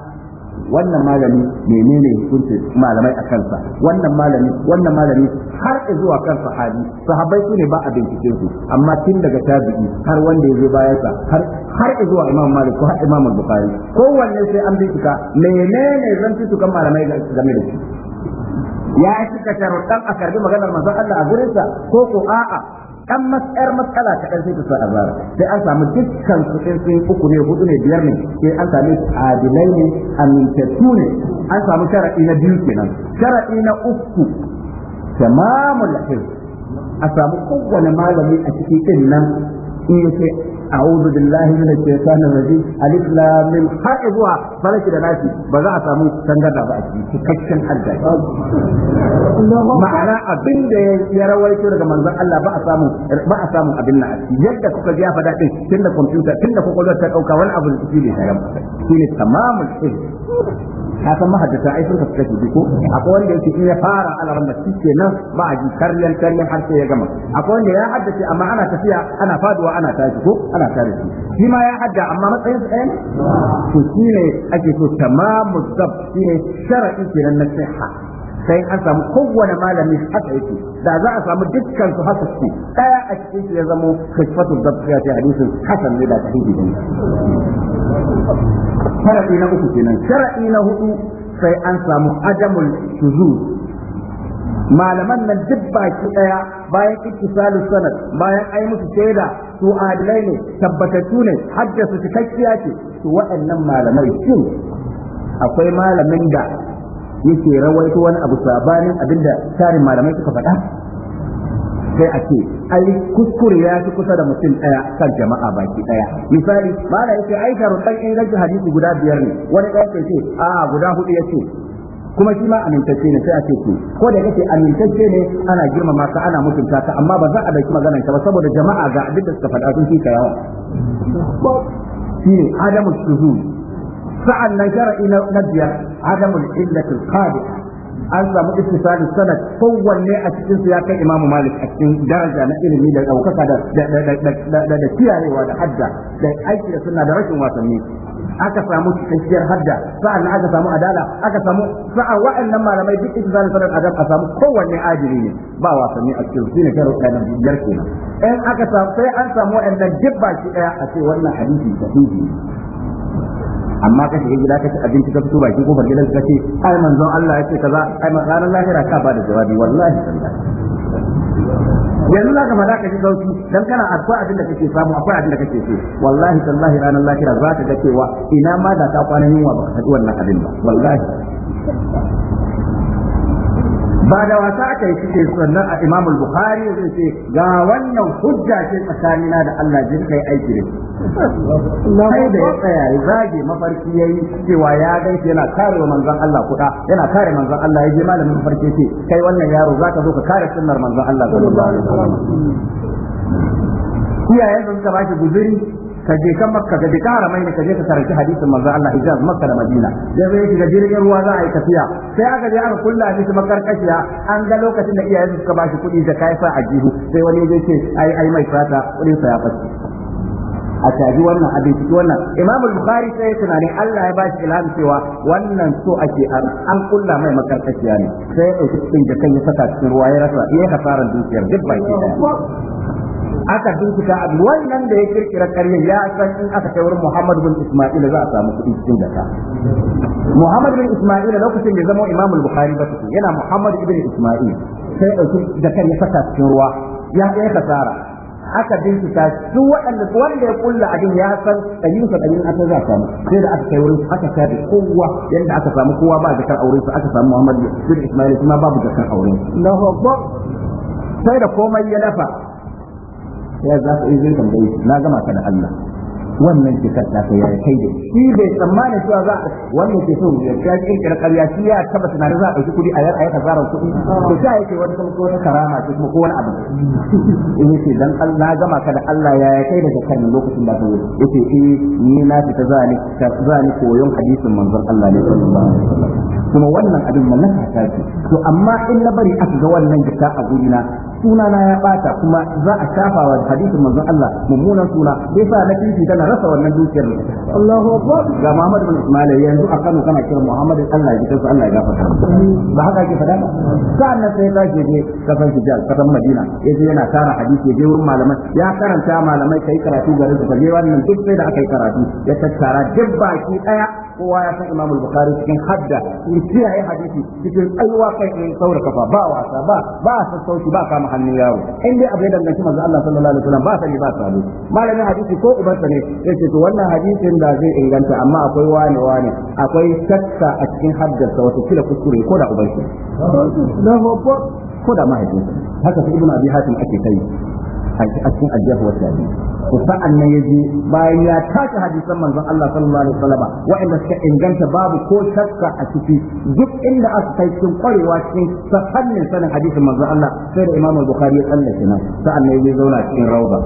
wannan malami menene hukunci malamai a kansa wannan malami wannan malami har zuwa kan sahabi sahabbai su ne ba a bincike su amma tun daga tabi'i har wanda ya zo bayan sa har har zuwa imam malik ko har imam bukhari kowanne sai an bincika menene zan fi kan malamai game da shi ya cika sharuɗan a karbi maganar manzon Allah a gurinsa ko ko a'a dan mas'ar matsala ta karfi ta sai azara sai an samu dukkan su sai uku ne hudu ne biyar ne sai an sami su adilai ne amintattu ne an samu shar'i na biyu kenan shar'i na uku tamamul hifz a samu kowane malami a cikin nan in yace a'udhu billahi minash shaitanir rajim alif lam mim har zuwa falaki da nasi ba za a samu tangarda ba a cikin cikakken aljai ma'ana abin da ya rawaito daga manzon Allah ba a samu ba a samu abin nan yadda kuka ji ya din tunda computer tunda kwakwalwar ta dauka wani abu da shi ne shine tamamul ka san mahaddata ai sun kasu biyu ko akwai wanda yake in ya fara alaran da shi nan ba a ji karyan karyan har sai ya gama akwai wanda ya haddace amma ana tafiya ana faduwa ana tashi ko ana tare shi shi ma ya hadda amma matsayin sa ɗaya to shine ake so tamamu zab shi shine shar'i kenan na sihha sai an samu kowane malami haka yake da za a samu dukkan su haka su daya a cikin su ya zamo kashfatu ya ta hadisin hasan ne da sahihi ne sharaɗi na uku kenan sharaɗi na hudu sai an samu adamul shuzuz malaman nan duk baki ɗaya, bayan ittisalus sanad bayan ai musu shaida su adilai ne tabbatattu ne su cikakkiya ce to waɗannan malamai shin akwai malamin da yake rawaito wani abu sabanin abinda tarin malamai suka faɗa sai a ce ai kuskure ya fi kusa da mutum daya kan jama'a baki daya misali mala yace ai in rage hadisi guda biyar ne wani ɗaya sai ce a guda hudu yace kuma shi ma amintacce ne sai a ce ku ko da kake amintacce ne ana girmama ka ana mutunta ka amma ba za a dauki maganar ka ba saboda jama'a ga abin da suka faɗa sun fi ka yawa shi ne adamu shuhu sa'an nan shar'i na biyar adamu illatul qadi an samu istisali sanad kowanne a cikin su ya kai Imam Malik a cikin daraja na ilimi da daukaka da da kiyayewa da hadda da aiki da suna da rashin wasanni aka samu cikakkiyar hadda sa'an nan aka samu adala aka samu sa'a wa'annan malamai duk istisali sanad adam a samu kowanne ajiri ne ba wasanni a cikin ne karo kana biyar kenan in aka samu sai an samu wa'annan duk shi ɗaya a ce wannan hadisi sahihi amma ka shiga gida ka ci abinci ka fito baki kofar gidan ka ce ai manzon Allah ya ce kaza ai man ranar lahira ka ba da jawabi wallahi sallah yanzu za ka faɗa ka ji sauki dan kana akwai abin da kake samu akwai abin da kake so wallahi tallahi ranar lahira za ta ga cewa ina ma da ka kwana yunwa ba ka faɗi wannan abin ba wallahi ba da wasa aka yi cike sannan a Imam Bukhari zai ce ga wannan hujja ce tsakanina da Allah jin kai aiki da sai da ya tsaya ya zage mafarki yayi cewa ya ganshi yana kare manzon Allah kuɗa, yana kare manzon Allah ya je malamin mafarki ce kai wannan yaro ka zo ka kare sunnar manzon Allah sallallahu alaihi wasallam iyayen da suka bashi guzuri ka je kan makka ka je ka haramai ne ka je ka karanci hadisin manzo Allah hijaz makka da madina da zai shiga jirgin ruwa za a yi tafiya sai aka je aka kulla shi kamar karkashiya an ga lokacin da iyayen suka ba shi kuɗi da kayafa a jihu sai wani zai ce ai ai mai fata kuɗin sa ya fashe a caji wannan a wannan imam bukhari sai tunanin Allah ya bashi ilham cewa wannan so ake an kulla mai makarkashiya ne sai ya ɗauki cikin jakan ya saka cikin ruwa ya rasa ya hasaran dukiyar duk baki ɗaya aka bincika abu wannan da ya kirkira karyar ya san in aka kai wurin Muhammad bin Isma'il za a samu kuɗi cikin ta, Muhammad bin Isma'il lokacin da zama Imam Bukhari ba tukun yana Muhammad ibn Isma'il sai ɗauki da kan ya saka cikin ruwa ya ya kasara aka bincika su waɗanda wanda ya kulla abin ya san ɗayin sa ɗayin aka za a samu sai da aka kai wurin aka kai kowa yadda aka samu kowa ba jakar auren su, aka samu Muhammad bin Isma'il kuma babu jakar auren Allahu Akbar sai da komai ya dafa ya za ka yi zai tambaye na gama ka da Allah wannan ke karta ka ya kai da shi bai tsammanin cewa za a wannan ke so ya ga kirkira ƙarya shi ya taba tunanin za a ɗauki kuɗi a yar Ka zarar kuɗi to sai yake wani kuma ko wata karama ce kuma ko wani abu in yace dan Allah gama ka da Allah ya ya kai daga kan lokacin da ka yi yace eh ni na fita za ni za koyon hadisin manzon Allah ne sallallahu kuma wannan abin mallaka ta ce to amma in na bari aka ga wannan jika a gurina suna na ya bata kuma za a shafa wa hadisin manzon Allah mummunan suna sai sa na kifi tana rasa wannan dukiyar Allahu akbar ga Muhammad bin Ismail yanzu a Kano kana kira Muhammad Allah ya kansa Allah ya gafarta ba haka ke faɗa ba sa'an nan sai tashi je kasan Hijaz kasan Madina yaje yana tara hadisi je wurin malamai ya karanta malamai kai karatu ga su je wannan duk sai da aka yi karatu ya tattara duk baki daya kowa ya san Imam Bukhari cikin hadda in kiyaye hadisi cikin aiwa kai in saura kafa ba wasa ba ba sassauci ba kama hannun yaro in dai abu ya danganci manzo Allah sallallahu alaihi wasallam ba sani ba sabo malamin hadisi ko ubansa ne yace to wannan hadisin da zai inganta amma akwai wani wani akwai shakka a cikin haddarsa wato kila kuskure ko da ubansa ko da mahaifinsa haka su ibnu abi hatim ake kai a cikin ajiyar wa tabi to sa'an nan je bayan ya tashi hadisan manzon Allah sallallahu alaihi wasallam wa'anda suka inganta babu ko shakka a ciki duk inda aka kai cikin kwarewa cikin sahannin sanin hadisin manzon Allah sai da Imam Bukhari ya tsallake nan sa'an nan zai zauna cikin rauda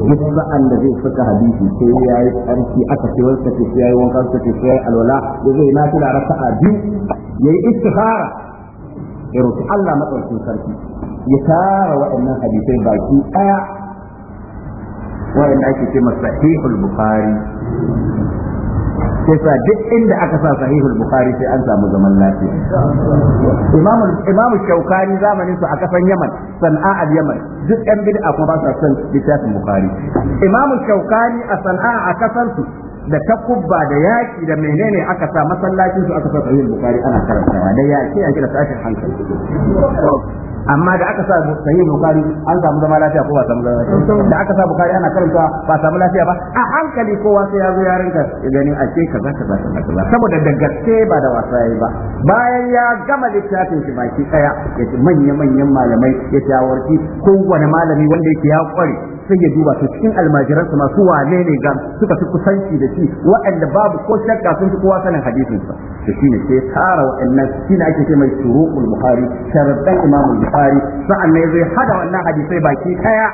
duk sa'an da zai saka hadisi sai ya yi tsarki aka ce wani sai ya yi wanka sai ya yi alwala da zai na tuna raka'a biyu yayi istihara ya roƙi Allah maɗaukin sarki ya tara waɗannan hadisai baki ɗaya waɗanda ake ce sahihul bukhari sai sa duk inda aka sa sahihul bukhari sai an samu zaman lafiya imam imam shaukani zamanin su a kasan yaman san'a al yaman duk yan bid'a kuma ba sa son littafin bukhari imam shaukani a san'a a kasarsu. su da takubba da yaki da menene aka sa masallacin su aka sa sahih bukhari ana karantawa da yaki an kira tashin hankali amma da aka sa sahih bukari an samu zama lafiya ko ba samu zama lafiya da aka sa bukari ana karantawa ba samu lafiya ba a hankali kowa sai ya zo ya rinka ganin a ce kaza kaza kaza saboda da gaske ba da wasa yayi ba bayan ya gama littafin shi baki daya yace manya manyan malamai ya shawarci kowane malami wanda yake ya kware sai ya duba to cikin almajiransa masu wane ne ga suka fi kusanci da shi waɗanda babu ko shakka sun fi kowa sanin hadisin sa to shine sai tara waɗannan ne ake ce mai shuruqul bukhari sharadan imamul bukhari sa'an ne zai hada wannan hadisai baki daya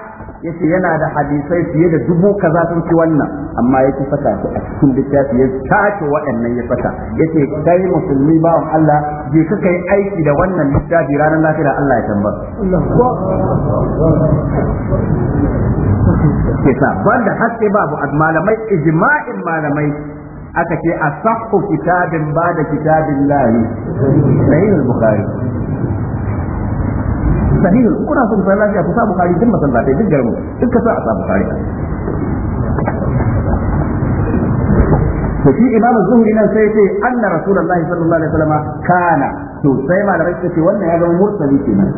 yace yana da hadisai fiye da dubu kaza sun ci wannan amma ya ci fata a cikin littafi ya tace waɗannan ya fata ya ce kai musulmi bawan Allah je ka kai aiki da wannan littafi ranar lafiya Allah ya tambar kisa banda haske babu malamai ijma'in malamai aka ce a sahu kitabin ba da kitabin lahi sahihul bukhari sahihul kuna son fara lafiya ku sa bukhari din masallatai duk garin duk ka sa a sa bukhari to shi imam zuhri nan sai ce anna rasulullahi sallallahu alaihi wasallam kana to sai malamai suka ce wannan ya zama mursali kenan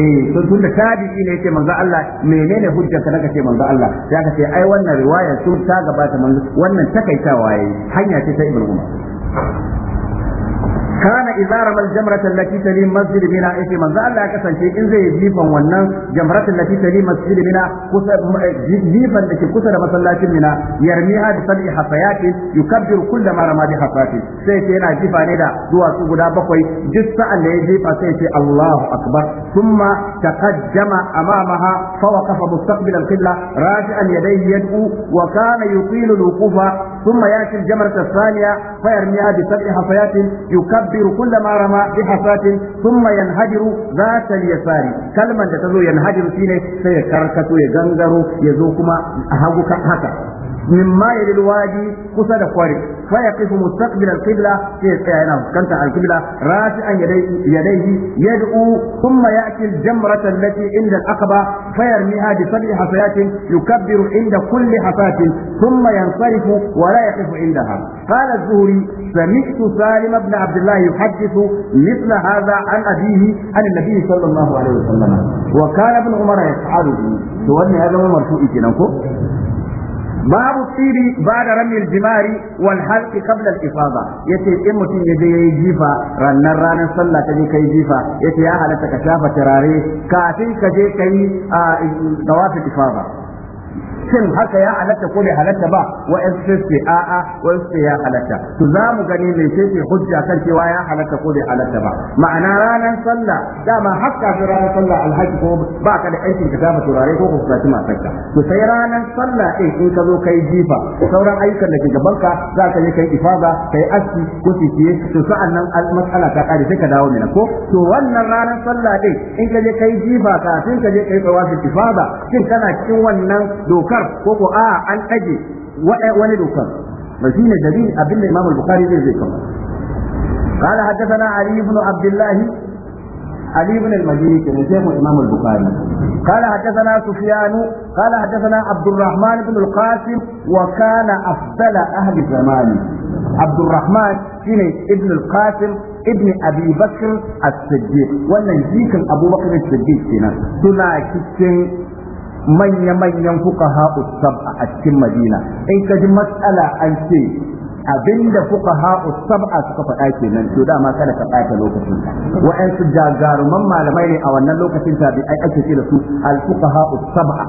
eh to tunda tabi'i ne yake manzo Allah menene hujjar ka ce manzo Allah ya ka ce ai wannan riwaya sun ta gabata manzo wannan takaitawa yayi hanya ce ta ibnu umar kana idza ramal jamrata allati tali masjid mina yace manzo Allah ya kasance in zai yi jifan wannan jamrata allati tali masjid mina kusa jifan da ke kusa da masallacin mina yarmi hadi sabi hafayati yukabbiru kulla ma rama bi hafati sai ce yana jifa ne da duwatsu guda bakwai duk sa'an da ya jefa sai ce Allahu akbar thumma taqaddama amamaha fa waqafa mustaqbil al-qibla rafi'an yadayhi yad'u wa kana yutilu al-wuqufa ثم يأتي الجمرة الثانية فيرميها بسبع حصيات يكبر كل ما رمى بحصاة ثم ينهدر ذات اليسار كلمة تزو ينهدر فيه سيكركة يغنغر يزوكما هكا مما يلي الوادي كسد قريب فيقف مستقبل القبلة كنت على القبلة رافعا يديه, يديه يدعو ثم يأتي الجمرة التي عند العقبة فيرميها بسبع حصيات يكبر عند كل حصاة ثم ينصرف ولا يقف عندها قال الزهري سمعت سالم بن عبد الله يحدث مثل هذا عن أبيه عن النبي صلى الله عليه وسلم وكان ابن عمر يفعله وأن هذا عمر شو باب الطيب بعد رمي الجمار والحلق قبل الإفاضة يتي إمو تيجي جيفا رنا رانا صلى تجي كي جيفا يتي يا هلا تكشافة تراري كافي كجي كي آه دوافة إفاضة shin haka ya halatta ko bai halatta ba wa ce a'a wa ce ya halatta to za mu gani mai sai ke hujja kan cewa ya halatta ko bai halatta ba ma'ana ranar sallah dama hakka ga ranar sallah alhaji ko ba ka da aikin ka zama turare ko kuma fatima sakka to sai ranar sallah din in ka zo kai jifa sauran ayyukan da ke gaban ka za ka yi kai ifada kai aski ko titiye to sa'an nan matsala ta kare sai ka dawo mina ko to wannan ranar sallah din in ka je kai jifa kafin ka je kai tsawafi ifada shin kana cikin wannan doka dokar ko ko a an aje wani dokar ba shi ne dalili abinda imam al-bukhari zai zai kawo قال حدثنا علي بن عبد الله علي بن المديني كان شيخ الامام البخاري قال حدثنا سفيان قال حدثنا عبد الرحمن بن القاسم وكان افضل اهل زمانه عبد الرحمن شنو ابن القاسم ابن ابي بكر الصديق ولا جيك ابو بكر الصديق كنا سنا كتن manya-manyan fuqaha sab'a a cikin Madina in ka ji matsala an ce abinda fuqaha sab'a suka faɗa kenan to dama kada ka ɓata lokacin wa'ansu jagaruman malamai ne a wannan lokacin ta tabi'ai ake ce da su alfuka fuqaha sab'a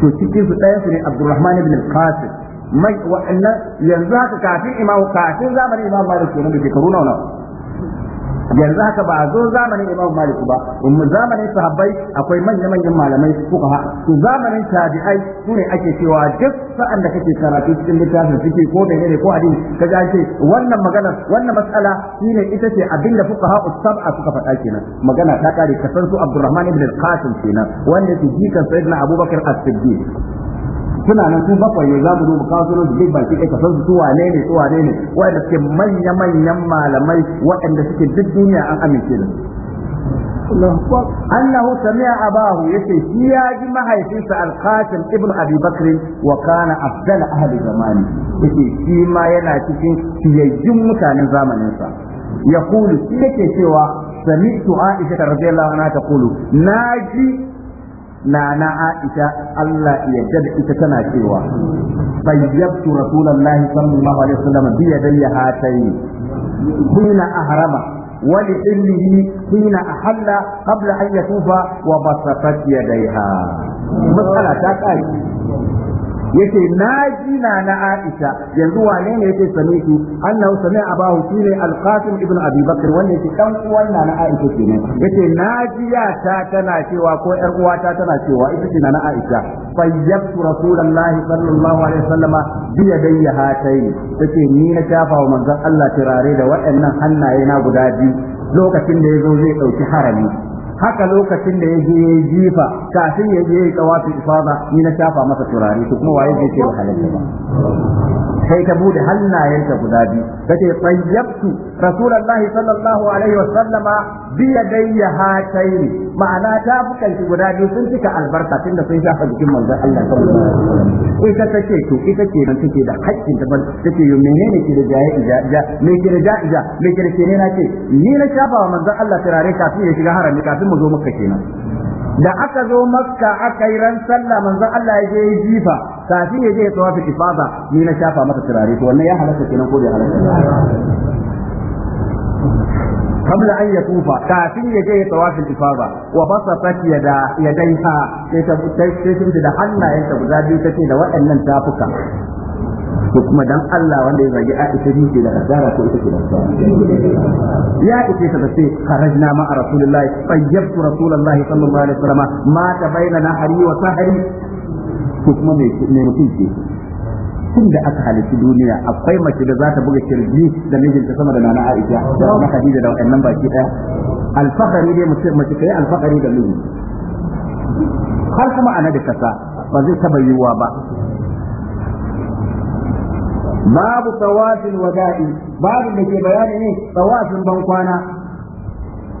to cikin su ɗaya su ne Abdulrahman ibn al-Qasim mai wa'annan yanzu haka kafin imam kafin zamanin imam Malik kenan da shekaru nawa yanzu haka ba a zo zamanin Imam Malik ba mu zamanin sahabbai akwai manyan manyan malamai ha, to zamanin tabi'ai su ne ake cewa duk sa'an da kake karatu cikin littafin suke ko ne ko hadisi ta ga ce wannan magana wannan mas'ala shine ita ce abinda fuqaha a suka faɗa kenan magana ta kare kasan su Abdurrahman ibn al-Qasim kenan wanda ke jikan Sayyidina Abubakar As-Siddiq suna nan sun bakwai ne za mu zo mu kawo sunan su jibba shi ka san su su wane su wane waɗanda suke manya-manyan malamai waɗanda suke duk duniya an amince da Allah ku sami a abahu ya ce shi ya ji mahaifinsa alkacin ibn abi bakrin wa kana afdal ahli zamani ya ce shi ma yana cikin shiyayyun mutanen zamaninsa ya kulu shi yake cewa sami tu'a ishe ta rabiyar lawa kulu na ji nana Aisha Allah ya jada ita tana cewa bayyabtu rasulullahi sallallahu alaihi wasallam bi yadayya hatayni hina ahrama wa li ilmihi hina ahalla kabla an ya yatufa wa ya daiha, matsala ta kai yace naji na na Aisha yanzu wane ne yake same shi annahu sami'a abahu shine al-Qasim ibn Abi Bakr wanda yake dan uwan na na Aisha kenan yace naji ya ta tana cewa ko ƴar uwata tana cewa ita ce na na Aisha fayyabtu rasulullahi sallallahu alaihi wasallama bi yadayya hatayi tace ni na shafa wa manzon Allah tirare da waɗannan hannaye na guda biyu lokacin da yazo zai dauki harami haka lokacin da ya je ya yi jifa kafin ya je ya yi ifada ni na shafa masa turare to kuma waye zai ce wa halatta ba sai ta bude hannayenka guda biyu kace tayyabtu rasulullahi sallallahu alaihi wa sallama bi yadayya hataini ma'ana ta fukan shi guda biyu sun cika albarka tunda sun shafa jikin manzon Allah sallallahu alaihi wa sallam ita tace to ita ce nan take da haƙƙin ta ban tace yo menene ke da jaya ija me ke da jaya me ke da ke ce ni na shafa wa manzon Allah turare kafin ya shiga harami kafin mu zo kenan da aka zo maka aka yi ran sallah manzon Allah ya je ya jifa kafin ya je ya tsawafi ifada ni na shafa masa turare to wannan ya halaka kenan ko bai halaka قبل أن يطوف كافين يجي sai الإفاضة وبسطت da يديها تمتد حنا ينتبذ بيتك da waɗannan tafuka. to kuma dan Allah wanda ya zagi Aisha ni ke da kasara ko ita ke da kasara ya ita ta ce kharajna ma rasulullahi tayyibtu rasulullahi sallallahu alaihi wasallam ma ta baina na hari wa sahari ko kuma me me mutum ke tun da aka halitta duniya akwai mace da za ta buga kirji da mijinta sama da nana Aisha da na Khadija da waɗannan baki ɗaya alfahari dai mace kai alfahari da miji har kuma ana da kasa ba zai taba yiwuwa ba babu tawafin wada'i babu da ke bayani ne tawafin bankwana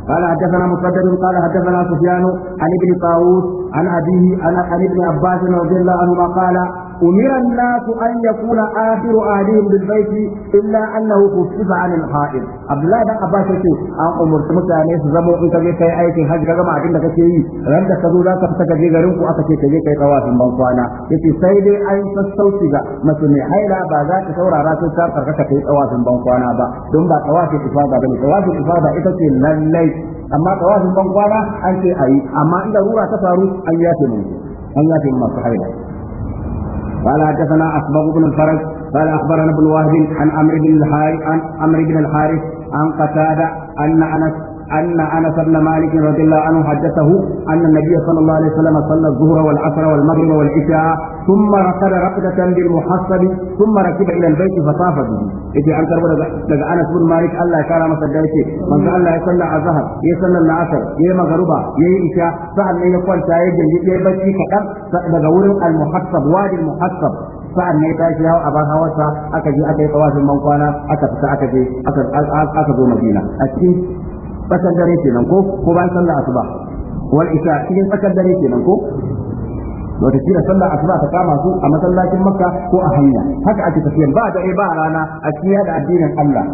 قال حدثنا مسدد قال حدثنا سفيان عن ابن طاووس عن ابيه عن ابن عباس رضي الله عنهما قال أمر الناس أن يكون آخر أهلهم بالبيت إلا أنه خفف عن الحائض عبد الله بن عباس يقول أن أمر متاني زمو إن كجي كي أي شيء حج كما عندنا كشيء لم تكذو لا تفتك جي غريم كو أكشي كجي كي قواف بنقوانا يتي سيدي أي تستوسيغا مسمي حيلا بازا تسورا راسو سار فرقك كي قواف بنقوانا با دون با قواف إفادة بني قواف إفادة إتكي للي أما قواف بنقوانا أنت أي أما إذا رورا تفارو أن ياتي منك أن ياتي من مصحيلا قال حدثنا أسبغ بن الفرج قال أخبرنا ابن وهب عن عمرو بن الحارث عن عمرو بن الحارث عن قتادة أن أنس أن أنس بن مالك رضي الله عنه حدثه أن النبي صلى الله عليه وسلم صلى الظهر والعصر والمغرب والعشاء ثم ركض ركضة بالمحصب ثم ركب إلى البيت فطاف به يجي عن كربو دقى أنس بن مالك الله يكرم مسجدتي من قال الله يصلى الظهر يصلى العصر يا مغربا يا إشاء سهل من يقول سايد يجي بيتي كتب دقى المحصب وادي المحصب sa'an ne ta shi a bar hawarsa aka je aka yi tsawafin man kwana aka fita aka je aka zo madina a cikin tsakar dare kenan ko ko bayan sallah asuba wal isha cikin tsakar dare kenan ko wata kila sallar asuba ta kama su a masallacin makka ko a hanya haka ake tafiyan ba da ba rana a cikin da addinin Allah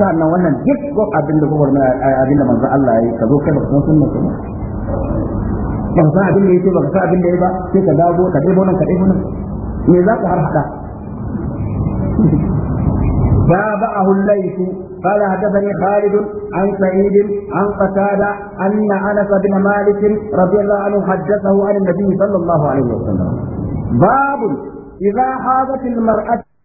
sannan wannan duk ko abin da gobar eh, abin da manzo Allah ya yi ka zo kai ba san sunna ba ba san abin da yake ba san abin da yake ba sai ka dawo ka dai bonan ka dai bonan me za ka har hada (laughs) ba ba'ahu laysu قال حدثني خالد عن سعيد عن قتادة أن أنس بن مالك رضي الله عنه حدثه عن النبي صلى الله عليه وسلم باب إذا حاضت المرأة